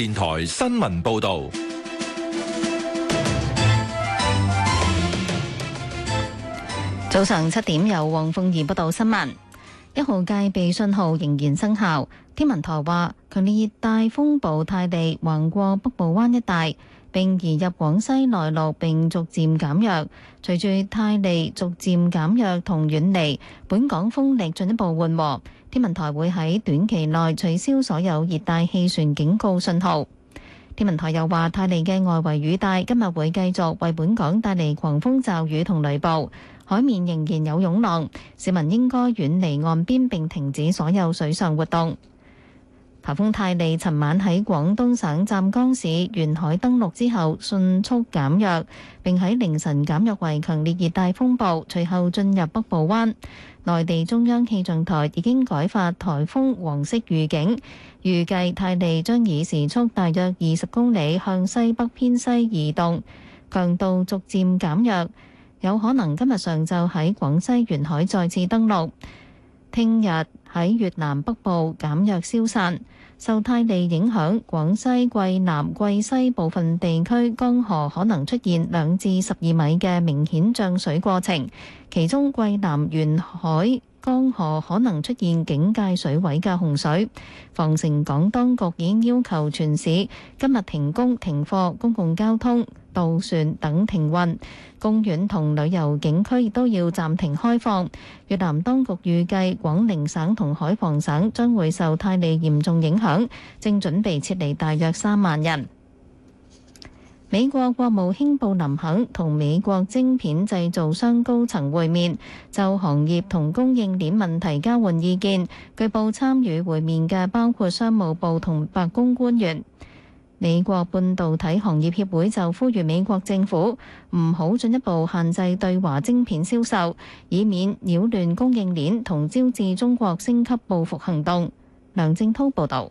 電台新聞報道：早上七點有黃鳳儀報道新聞。一號戒備信號仍然生效。天文台話，強烈熱帶風暴泰利橫過北部灣一帶，並移入廣西內陸，並逐漸減弱。隨住泰利逐漸減弱同遠離，本港風力進一步緩和。天文台會喺短期內取消所有熱帶氣旋警告信號。天文台又話，泰利嘅外圍雨帶今日會繼續為本港帶嚟狂風驟雨同雷暴，海面仍然有湧浪，市民應該遠離岸邊並停止所有水上活動。台風泰利尋晚喺廣東省湛江市沿海登陸之後，迅速減弱，並喺凌晨減弱為強烈熱帶風暴，隨後進入北部灣。內地中央氣象台已經改發颱風黃色預警，預計泰利將以時速大約二十公里向西北偏西移動，強度逐漸減弱，有可能今日上晝喺廣西沿海再次登陸，聽日喺越南北部減弱消散。受泰利影響，廣西桂南桂西部分地區江河可能出現兩至十二米嘅明顯漲水過程，其中桂南沿海江河可能出現警戒水位嘅洪水。防城港當局已經要求全市今日停工停課，公共交通。渡船等停運公園同旅遊景區亦都要暫停開放。越南當局預計廣寧省同海防省將會受泰利嚴重影響，正準備撤離大約三萬人。美國國務卿布林肯同美國晶片製造商高層會面，就行業同供應鏈問題交換意見。據報參與會面嘅包括商務部同白宮官員。美國半導體行業協會就呼籲美國政府唔好進一步限制對華晶片銷售，以免擾亂供應鏈同招致中國升級報復行動，梁正滔報道。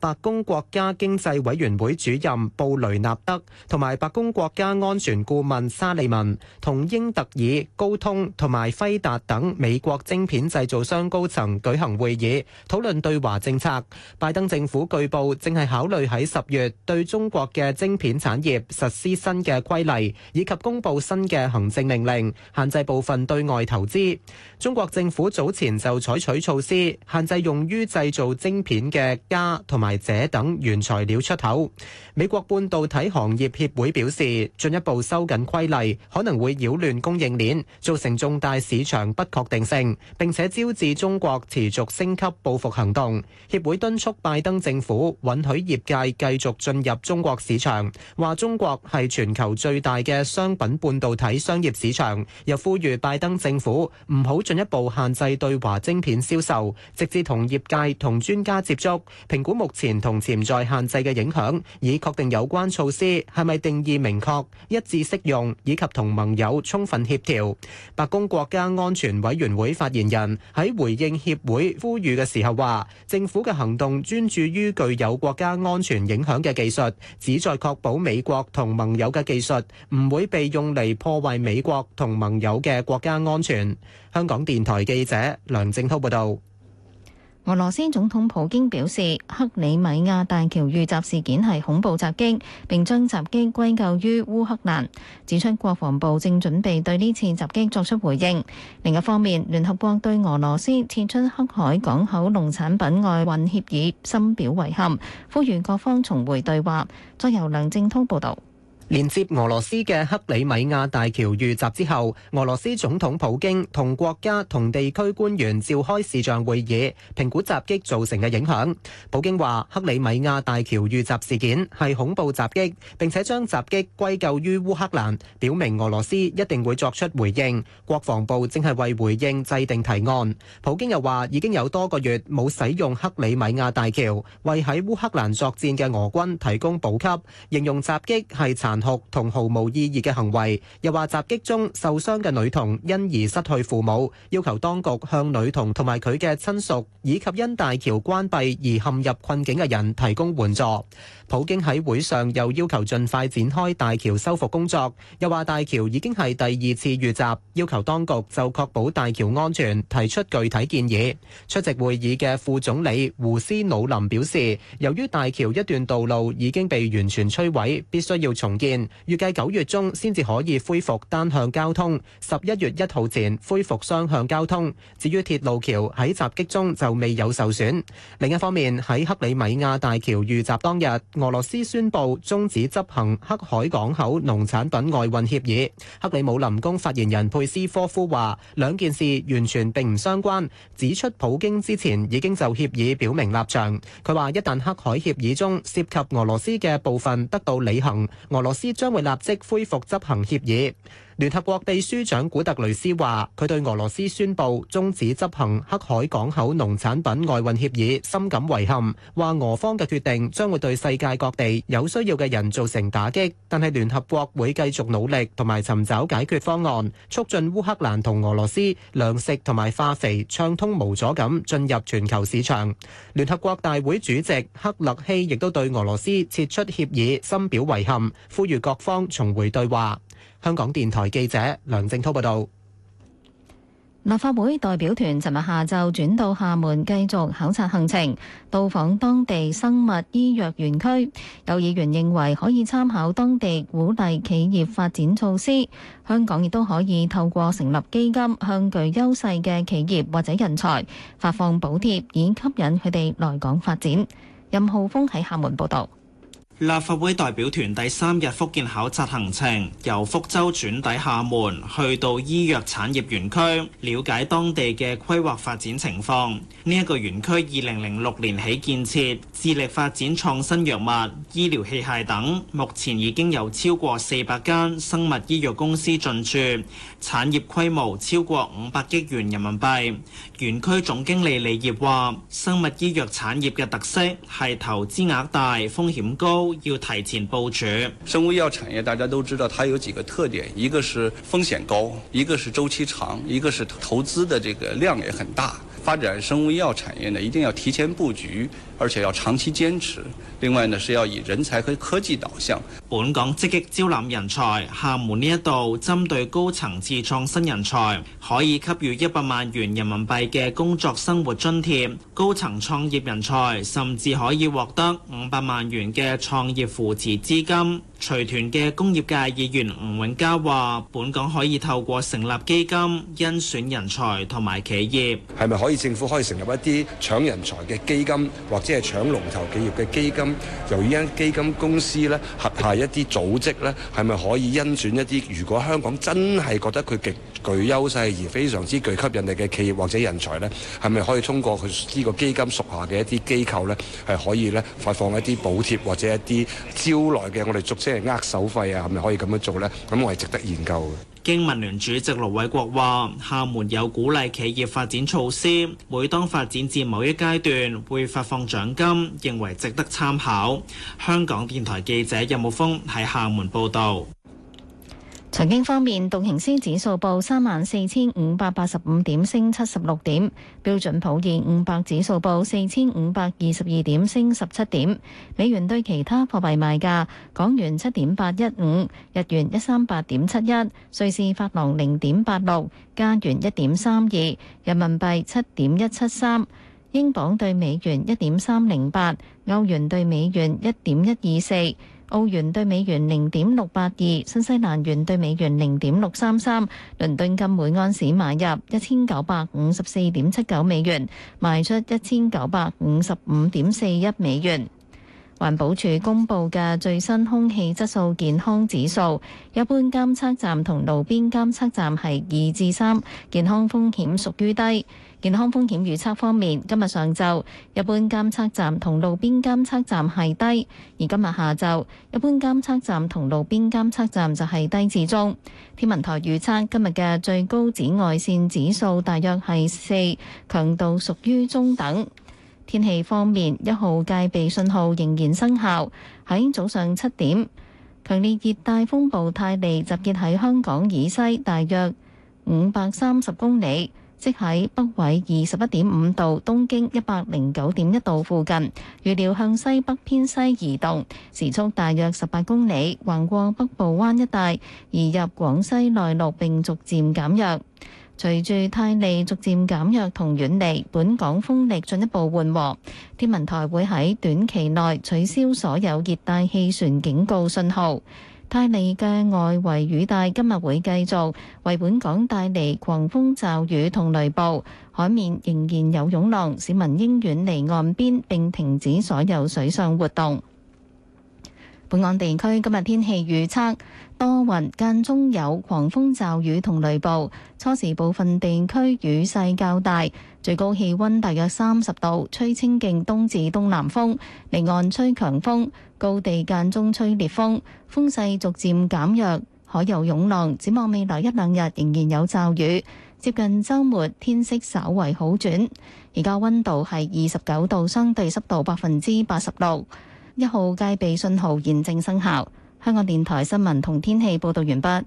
白宮國家經濟委員會主任布雷納德同埋白宮國家安全顧問沙利文同英特爾、高通同埋輝達等美國晶片製造商高層舉行會議，討論對華政策。拜登政府據報正係考慮喺十月對中國嘅晶片產業實施新嘅規例，以及公布新嘅行政命令，限制部分對外投資。中國政府早前就採取措施，限制用於製造晶片嘅家，同埋鍺等原材料出口，美國半導體行業協會表示，進一步收緊規例可能會擾亂供應鏈，造成重大市場不確定性，並且招致中國持續升級報復行動。協會敦促拜登政府允許業界繼續進入中國市場，話中國係全球最大嘅商品半導體商業市場，又呼籲拜登政府唔好進一步限制對華晶片銷售，直至同業界同專家接觸評估。目前同潛在限制嘅影響，以確定有關措施係咪定義明確、一致適用，以及同盟友充分協調。白宮國家安全委員會發言人喺回應協會呼籲嘅時候話，政府嘅行動專注於具有國家安全影響嘅技術，旨在確保美國同盟友嘅技術唔會被用嚟破壞美國同盟友嘅國家安全。香港電台記者梁正濤報道。俄羅斯總統普京表示，克里米亞大橋遇襲事件係恐怖襲擊，並將襲擊歸咎於烏克蘭，指出國防部正準備對呢次襲擊作出回應。另一方面，聯合國對俄羅斯撤出黑海港口農產品外運協議深表遺憾，呼籲各方重回對話。再由梁正滔報導。連接俄羅斯嘅克里米亞大橋遇襲之後，俄羅斯總統普京同國家同地區官員召開視像會議，評估襲擊造成嘅影響。普京話：克里米亞大橋遇襲事件係恐怖襲擊，並且將襲擊歸咎於烏克蘭，表明俄羅斯一定會作出回應。國防部正係為回應制定提案。普京又話：已經有多個月冇使用克里米亞大橋，為喺烏克蘭作戰嘅俄軍提供補給。形容襲擊係殘同毫無意義嘅行為，又話襲擊中受傷嘅女童因而失去父母，要求當局向女童同埋佢嘅親屬，以及因大橋關閉而陷入困境嘅人提供援助。普京喺會上又要求盡快展開大橋修復工作，又話大橋已經係第二次遇襲，要求當局就確保大橋安全提出具體建議。出席會議嘅副總理胡斯努林表示，由於大橋一段道路已經被完全摧毀，必須要重建。預計九月中先至可以恢復單向交通，十一月一號前恢復雙向交通。至於鐵路橋喺襲擊中就未有受損。另一方面，喺克里米亞大橋遇襲當日，俄羅斯宣布終止執行黑海港口農產品外運協議。克里姆林宮發言人佩斯科夫話，兩件事完全並唔相關，指出普京之前已經就協議表明立場。佢話，一旦黑海協議中涉及俄羅斯嘅部分得到履行，俄羅斯。將會立即恢復執行協議。聯合國秘書長古特雷斯話，佢對俄羅斯宣布終止執行黑海港口農產品外運協議深感遺憾，話俄方嘅決定將會對世界各地有需要嘅人造成打擊。但係聯合國會繼續努力同埋尋找解決方案，促進烏克蘭同俄羅斯糧食同埋化肥暢通無阻咁進入全球市場。聯合國大會主席克勒希亦都對俄羅斯撤出協議深表遺憾，呼籲各方重回對話。香港電台記者梁正濤報道，立法會代表團尋日下晝轉到廈門繼續考察行程，到訪當地生物醫藥園區。有議員認為可以參考當地鼓勵企業發展措施，香港亦都可以透過成立基金，向具優勢嘅企業或者人才發放補貼，以吸引佢哋來港發展。任浩峰喺廈門報道。立法會代表團第三日福建考察行程，由福州轉抵廈門，去到醫藥產業園區，了解當地嘅規劃發展情況。呢一個園區二零零六年起建設，致力發展創新藥物、醫療器械等，目前已經有超過四百間生物醫藥公司進駐，產業規模超過五百億元人民幣。園區總經理李業話：生物醫藥產業嘅特色係投資額大、風險高。要提前佈局。生物醫藥產業，大家都知道，它有幾個特點，一個是風險高，一個是周期長，一個是投資的這個量也很大。發展生物醫藥產業呢，一定要提前佈局，而且要長期堅持。另外呢，是要以人才和科技導向。本港積極招攬人才，廈門呢一度針對高層次創新人才，可以給予一百萬元人民幣嘅工作生活津貼，高層創業人才甚至可以獲得五百萬元嘅創業扶持資金。隨團嘅工業界議員吳永嘉話，本港可以透過成立基金，甄選人才同埋企業。係咪可以？政府可以成立一啲搶人才嘅基金，或者係搶龍頭企業嘅基金，由依間基金公司咧，轄下一啲組織咧，係咪可以甄選一啲？如果香港真係覺得佢極具優勢而非常之具吸引力嘅企業或者人才咧，係咪可以通過佢呢個基金屬下嘅一啲機構咧，係可以咧發放一啲補貼或者一啲招來嘅我哋俗稱係握手費啊，係咪可以咁樣做咧？咁我係值得研究嘅。經民聯主席盧偉國話，廈門有鼓勵企業發展措施，每當發展至某一階段會發放獎金，認為值得參考。香港電台記者任木峰喺廈門報道。財經方面，道瓊斯指數報三萬四千五百八十五點，升七十六點；標準普爾五百指數報四千五百二十二點，升十七點。美元對其他貨幣賣價：港元七點八一五，日元一三八點七一，瑞士法郎零點八六，加元一點三二，人民幣七點一七三，英鎊對美元一點三零八，歐元對美元一點一二四。澳元兌美元零點六八二，新西蘭元兌美元零點六三三，倫敦金每安士買入一千九百五十四點七九美元，賣出一千九百五十五點四一美元。環保署公布嘅最新空氣質素健康指數，一般監測站同路邊監測站係二至三，健康風險屬於低。健康風險預測方面，今日上晝一般監測站同路邊監測站係低，而今日下晝一般監測站同路邊監測站就係低至中。天文台預測今日嘅最高紫外線指數大約係四，強度屬於中等。天氣方面，一號戒備信號仍然生效。喺早上七點，強烈熱帶風暴泰利集結喺香港以西大約五百三十公里，即喺北緯二十一點五度、東經一百零九點一度附近。預料向西北偏西移動，時速大約十八公里，橫過北部灣一帶，移入廣西內陸並逐漸減弱。隨住泰利逐漸減弱同遠離，本港風力進一步緩和。天文台會喺短期內取消所有熱帶氣旋警告信號。泰利嘅外圍雨帶今日會繼續為本港帶嚟狂風驟雨同雷暴，海面仍然有湧浪，市民應遠離岸邊並停止所有水上活動。本港地區今日天氣預測，多雲，間中有狂風驟雨同雷暴。初時部分地區雨勢較大，最高氣温大約三十度，吹清勁東至東南風。離岸吹強風，高地間中吹烈風，風勢逐漸減弱，海有湧浪。展望未來一兩日仍然有驟雨，接近週末天色稍為好轉。而家温度係二十九度，相對濕度百分之八十六。一號戒備信號現正生效。香港電台新聞同天氣報道完畢。